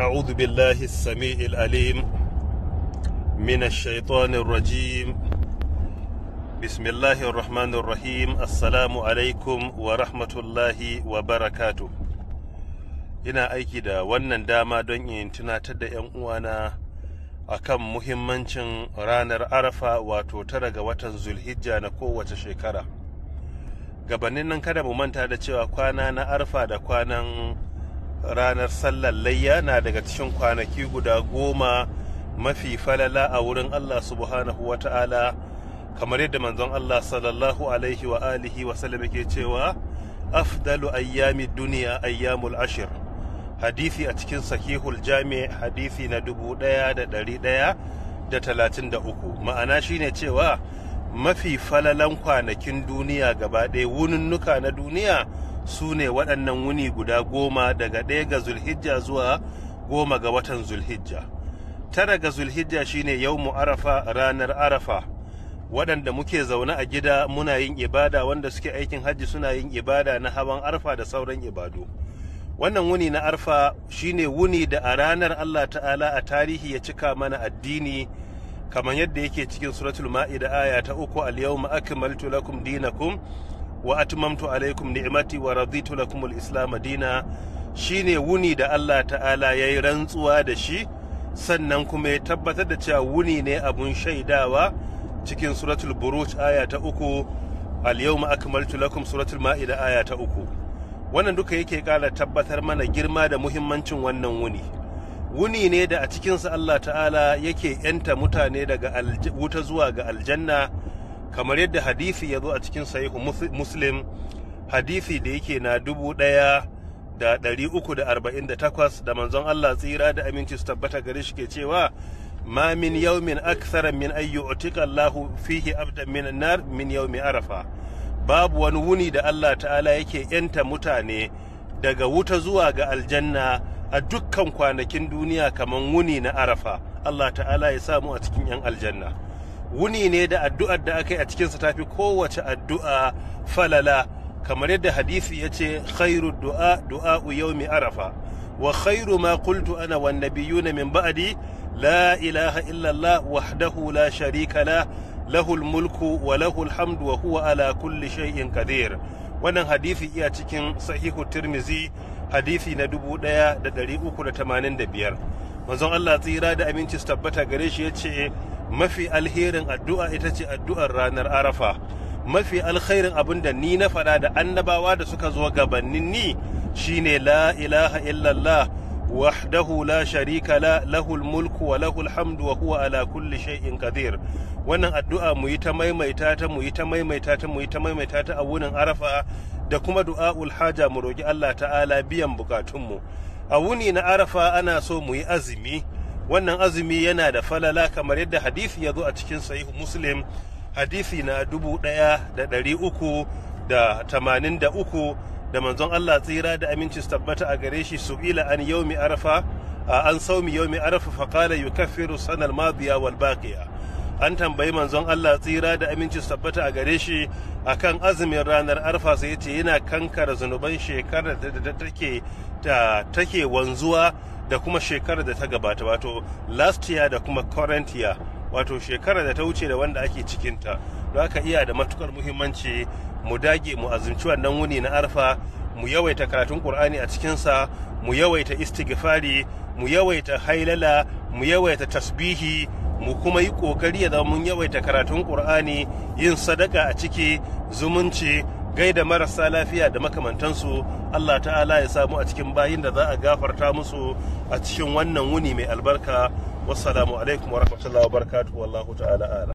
أعوذ بالله السميع العليم من الشيطان الرجيم بسم الله الرحمن الرحيم السلام عليكم ورحمة الله وبركاته ina aiki da wannan dama don in tunatar da 'yan uwana akan muhimmancin ranar arafa wato tara ga watan zulhijja na kowace shekara gabanin nan kada mu manta da cewa kwana na arfa da kwanan ranar sallar layya na daga cikin kwanaki guda goma mafi falala a wurin Allah subhanahu wa ta'ala kamar yadda manzon Allah sallallahu alaihi wa alihi wa sallam yake cewa afdalu ayyami duniya ayyamul ashir hadisi a cikin sahihul jami hadisi na dubu daya da dari daya da talatin da uku ma'ana shine cewa mafi falalan kwanakin duniya gaba ɗaya wununnuka na duniya su ne waɗannan wuni guda goma daga ɗaya ga zulhijja zuwa goma ga watan zulhijja tara ga zulhijja shine yau arafa ranar arafa waɗanda muke zaune a gida muna yin ibada wanda suke aikin hajji suna yin ibada na hawan arfa da sauran ibadu wannan wuni na arfa shine wuni da a ranar allah ta'ala a tarihi ya cika mana addini kamar yadda yake cikin suratul ma'ida aya ta uku al yau akmaltu lakum dinakum wa atmamtu alaikum ni'mati wa raditu lakum al-islam dina shine wuni da Allah ta'ala yayi rantsuwa da shi sannan kuma ya tabbatar da cewa wuni ne abun shaidawa cikin suratul buruj aya ta uku al-yawma akmaltu lakum suratul ma'ida aya ta uku wannan duka yake kara tabbatar mana girma da muhimmancin wannan wuni wuni ne da a cikinsa Allah ta'ala yake yanta mutane daga wuta zuwa ga aljanna kamar yadda hadisi ya zo a cikin sahihu muslim hadisi da yake na dubu ɗaya da ɗari uku da arba'in da takwas da manzon Allah tsira da aminci su tabbata gare shi ke cewa ma min yaumin aksara min ayyu utika Allahu fihi abdan min nar min yaumi arafa babu wani wuni da Allah ta'ala yake yanta mutane daga wuta zuwa ga aljanna a dukkan kwanakin duniya kamar wuni na arafa Allah ta'ala ya samu a cikin 'yan aljanna wuni ne da addu'ar da aka yi a cikinsa ta fi kowace addu'a falala kamar yadda hadisi ya ce khairu du'a du'a yaumi arafa wa khairu ma kultu ana wan nabiyuna min ba'di la ilaha illa Allah wahdahu la sharika la lahul mulku wa lahul hamdu wa huwa ala kulli shay'in qadir wannan hadisi iya cikin sahihu tirmizi hadisi na biyar manzon Allah tsira da aminci su tabbata gare shi yace mafi alherin addu'a ita ce addu'ar ranar arafa mafi alherin abin da ni na faɗa da annabawa da suka zo gabanin ni shine la ilaha illallah wahdahu la sharika la lahul mulku wa lahul hamdu wa huwa ala kulli shay'in qadir wannan addu'a mu yi ta maimaita ta mu yi ta maimaita ta mu yi ta maimaita ta a wunin arafa da kuma du'a'ul haja mu roki Allah ta'ala biyan bukatunmu a wuni na arafa ana so mu yi azumi wannan azumi yana da falala kamar yadda hadisi ya zo a cikin sahihu muslim hadisi na dubu ɗaya da ɗari uku da tamanin da uku da manzon Allah tsira da aminci tabbata a gare shi su ila an yau yaumi arafa an sau yau yaumi arafa fa qala yukaffiru sanar madiya wal baqiya an tambayi manzon Allah tsira da aminci tabbata a gare shi akan azumin ranar arfa sai yace yana kankara zunuban shekarar da take take wanzuwa da kuma shekarar da ta gabata wato last year da kuma current year wato shekarar da ta wuce da wanda ake cikinta don haka iya da matukar muhimmanci mu dage mu azumci wannan wuni na arfa mu yawaita karatun qur'ani a cikinsa mu yawaita istighfari mu yawaita hailala mu yawaita tasbihi mu kuma yi kokari ya zama mun yawaita karatun qur'ani yin sadaka a ciki zumunci gaida marasa lafiya da makamantansu Allah ta'ala ya samu a cikin bayin da za a gafarta musu a cikin wannan wuni mai albarka wassalamu alaikum wa rahmatullahi wa barakatuhu wallahu ta'ala